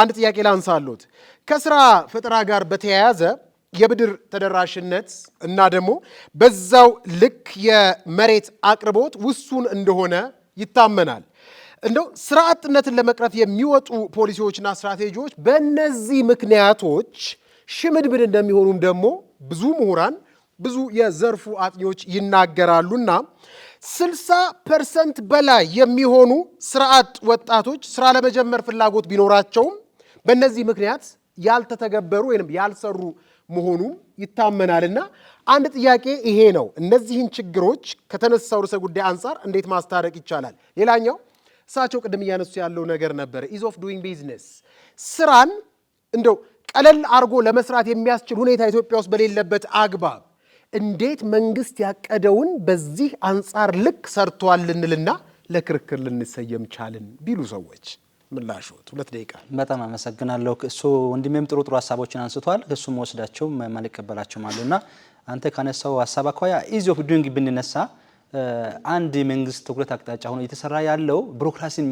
አንድ ጥያቄ ላንሳሉት ከስራ ፈጠራ ጋር በተያያዘ የብድር ተደራሽነት እና ደግሞ በዛው ልክ የመሬት አቅርቦት ውሱን እንደሆነ ይታመናል። እንደው ስራ አጥነትን ለመቅረፍ የሚወጡ ፖሊሲዎችና ስትራቴጂዎች በእነዚህ ምክንያቶች ሽምድምድ እንደሚሆኑም ደግሞ ብዙ ምሁራን ብዙ የዘርፉ አጥኚዎች ይናገራሉና 60 ፐርሰንት በላይ የሚሆኑ ስራ አጥ ወጣቶች ስራ ለመጀመር ፍላጎት ቢኖራቸውም በእነዚህ ምክንያት ያልተተገበሩ ወይም ያልሰሩ መሆኑ ይታመናልና አንድ ጥያቄ ይሄ ነው። እነዚህን ችግሮች ከተነሳው ርዕሰ ጉዳይ አንጻር እንዴት ማስታረቅ ይቻላል? ሌላኛው እሳቸው ቅድም እያነሱ ያለው ነገር ነበረ ኢዝ ኦፍ ዱዊንግ ቢዝነስ ስራን እንደው ቀለል አድርጎ ለመስራት የሚያስችል ሁኔታ ኢትዮጵያ ውስጥ በሌለበት አግባብ እንዴት መንግስት ያቀደውን በዚህ አንጻር ልክ ሰርቷል ልንልና ለክርክር ልንሰየም ቻልን ቢሉ ሰዎች ምላሾት ሁለት ደቂቃ። በጣም አመሰግናለሁ። እሱ ወንድሜም ጥሩ ጥሩ ሀሳቦችን አንስቷል። እሱ መወስዳቸው ማልቀበላቸው አሉ እና አንተ ካነሳው ሀሳብ አኳያ ኢዚ ኦፍ ዱንግ ብንነሳ አንድ መንግስት ትኩረት አቅጣጫ ሆኖ እየተሰራ ያለው ቢሮክራሲን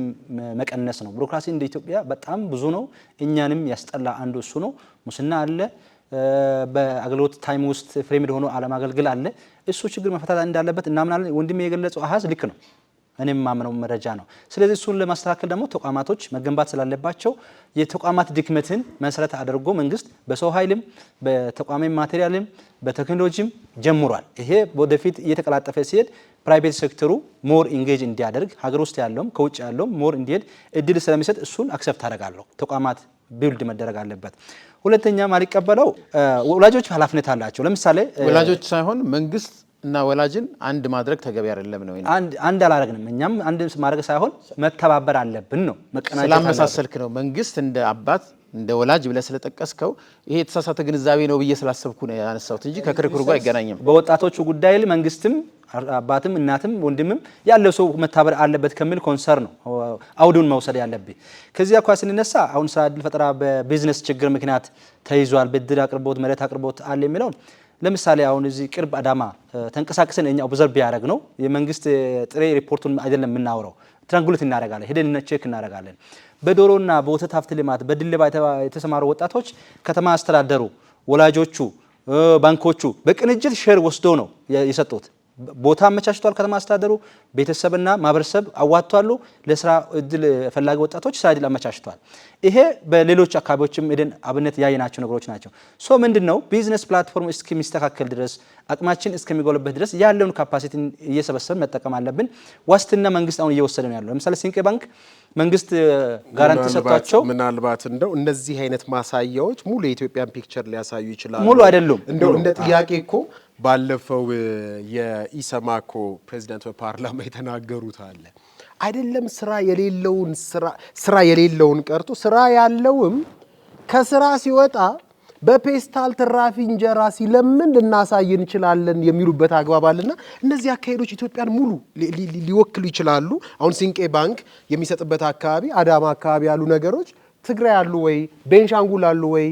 መቀነስ ነው። ቢሮክራሲ እንደ ኢትዮጵያ በጣም ብዙ ነው። እኛንም ያስጠላ አንዱ እሱ ነው። ሙስና አለ። በአገልግሎት ታይም ውስጥ ፍሬምድ ሆኖ አለማገልግል አለ። እሱ ችግር መፈታት እንዳለበት እናምናለን። ወንድሜ የገለጸው አሀዝ ልክ ነው። እኔ የማምነው መረጃ ነው። ስለዚህ እሱን ለማስተካከል ደግሞ ተቋማቶች መገንባት ስላለባቸው የተቋማት ድክመትን መሰረት አድርጎ መንግስት በሰው ኃይልም በተቋሚ ማቴሪያልም በቴክኖሎጂም ጀምሯል። ይሄ ወደፊት እየተቀላጠፈ ሲሄድ ፕራይቬት ሴክተሩ ሞር ኢንጌጅ እንዲያደርግ ሀገር ውስጥ ያለውም ከውጭ ያለውም ሞር እንዲሄድ እድል ስለሚሰጥ እሱን አክሰፕት አደርጋለሁ። ተቋማት ቢውልድ መደረግ አለበት። ሁለተኛ ማሊቀበለው ወላጆች ኃላፊነት አላቸው። ለምሳሌ ወላጆች ሳይሆን መንግስት እና ወላጅን አንድ ማድረግ ተገቢ አይደለም ነው። አንድ አላረግንም። እኛም አንድ ማድረግ ሳይሆን መተባበር አለብን ነው። መቀናጀት ስላመሳሰልክ ነው። መንግስት እንደ አባት እንደ ወላጅ ብለህ ስለጠቀስከው ይሄ የተሳሳተ ግንዛቤ ነው ብዬ ስላሰብኩ ነው ያነሳሁት እንጂ ከክርክሩ ጋር አይገናኝም። በወጣቶቹ ጉዳይ መንግስትም አባትም እናትም ወንድምም ያለው ሰው መታበር አለበት ከሚል ኮንሰር ነው አውዱን መውሰድ ያለብኝ። ከዚህ አኳ ስንነሳ አሁን ስራ እድል ፈጠራ በቢዝነስ ችግር ምክንያት ተይዟል፣ ብድር አቅርቦት፣ መሬት አቅርቦት አለ የሚለውን ለምሳሌ አሁን እዚህ ቅርብ አዳማ ተንቀሳቅሰን እኛ ኦብዘርቭ ቢያደረግ ነው የመንግስት ጥሬ ሪፖርቱን አይደለም የምናውረው ትራንጉሌት እናደረጋለን ሄደን ቼክ እናደረጋለን። በዶሮና በወተት ሀብት ልማት በድልባ የተሰማሩ ወጣቶች ከተማ አስተዳደሩ፣ ወላጆቹ፣ ባንኮቹ በቅንጅት ሼር ወስዶ ነው የሰጡት። ቦታ አመቻችቷል። ከተማ አስተዳደሩ ቤተሰብና ማህበረሰብ አዋጥቷሉ። ለስራ እድል ፈላጊ ወጣቶች ስራ እድል አመቻችቷል። ይሄ በሌሎች አካባቢዎችም ደን አብነት ያየናቸው ነገሮች ናቸው። ሶ ምንድን ነው ቢዝነስ ፕላትፎርም እስከሚስተካከል ድረስ አቅማችን እስከሚጎልበት ድረስ ያለውን ካፓሲቲ እየሰበሰብን መጠቀም አለብን። ዋስትና መንግስት አሁን እየወሰደ ነው ያለው። ለምሳሌ ሲንቄ ባንክ መንግስት ጋራንቲ ሰጥቷቸው ምናልባት እንደው እነዚህ አይነት ማሳያዎች ሙሉ የኢትዮጵያን ፒክቸር ሊያሳዩ ይችላሉ። ሙሉ አይደሉም። እንደው እንደ ጥያቄ እኮ ባለፈው የኢሰማኮ ፕሬዚዳንት በፓርላማ የተናገሩት አለ አይደለም። ስራ የሌለውን ስራ የሌለውን ቀርቶ ስራ ያለውም ከስራ ሲወጣ በፔስታል ትራፊ እንጀራ ሲለምን ልናሳይ እንችላለን የሚሉበት አግባብ አለና እነዚህ አካሄዶች ኢትዮጵያን ሙሉ ሊወክሉ ይችላሉ። አሁን ሲንቄ ባንክ የሚሰጥበት አካባቢ፣ አዳማ አካባቢ ያሉ ነገሮች ትግራይ አሉ ወይ ቤንሻንጉል አሉ ወይ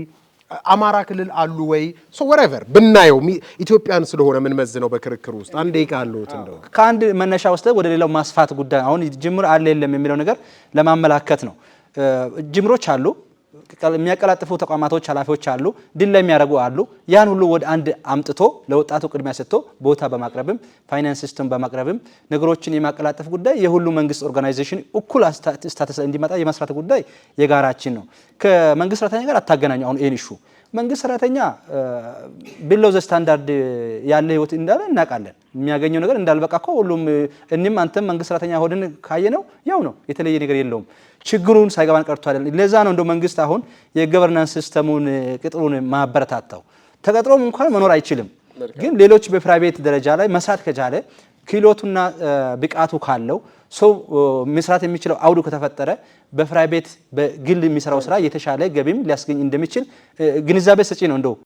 አማራ ክልል አሉ ወይ ሶ ወሬቨር ብናየው ኢትዮጵያን ስለሆነ ምን መዝነው በክርክር ውስጥ አንድ ደቂቃ አለሁት። እንደው ከአንድ መነሻ ውስጥ ወደ ሌላው ማስፋት ጉዳይ አሁን ጅምር አለ የለም የሚለው ነገር ለማመላከት ነው። ጅምሮች አሉ የሚያቀላጥፉ ተቋማቶች ኃላፊዎች አሉ፣ ድል ላይ የሚያደርጉ አሉ። ያን ሁሉ ወደ አንድ አምጥቶ ለወጣቱ ቅድሚያ ሰጥቶ ቦታ በማቅረብም ፋይናንስ ሲስተም በማቅረብም ነገሮችን የማቀላጠፍ ጉዳይ የሁሉ መንግስት ኦርጋናይዜሽን እኩል ስታተስ እንዲመጣ የመስራት ጉዳይ የጋራችን ነው። ከመንግስት ሰራተኛ ጋር አታገናኙ። አሁን ይህን መንግስት ሰራተኛ ቢሎ ዘ ስታንዳርድ ያለ ህይወት እንዳለ እናውቃለን። የሚያገኘው ነገር እንዳልበቃ እኮ ሁሉም እኔም አንተም መንግስት ሰራተኛ ሆድን ካየ ነው ያው ነው፣ የተለየ ነገር የለውም። ችግሩን ሳይገባን ቀርቶ አይደለም። ለዛ ነው እንደ መንግስት አሁን የገቨርናንስ ሲስተሙን ቅጥሩን ማበረታታው። ተቀጥሮም እንኳን መኖር አይችልም፣ ግን ሌሎች በፕራይቬት ደረጃ ላይ መስራት ከቻለ ክህሎቱና ብቃቱ ካለው ሰው መስራት የሚችለው አውዱ ከተፈጠረ በፍራይ ቤት በግል የሚሰራው ስራ የተሻለ ገቢም ሊያስገኝ እንደሚችል ግንዛቤ ሰጪ ነው እንደው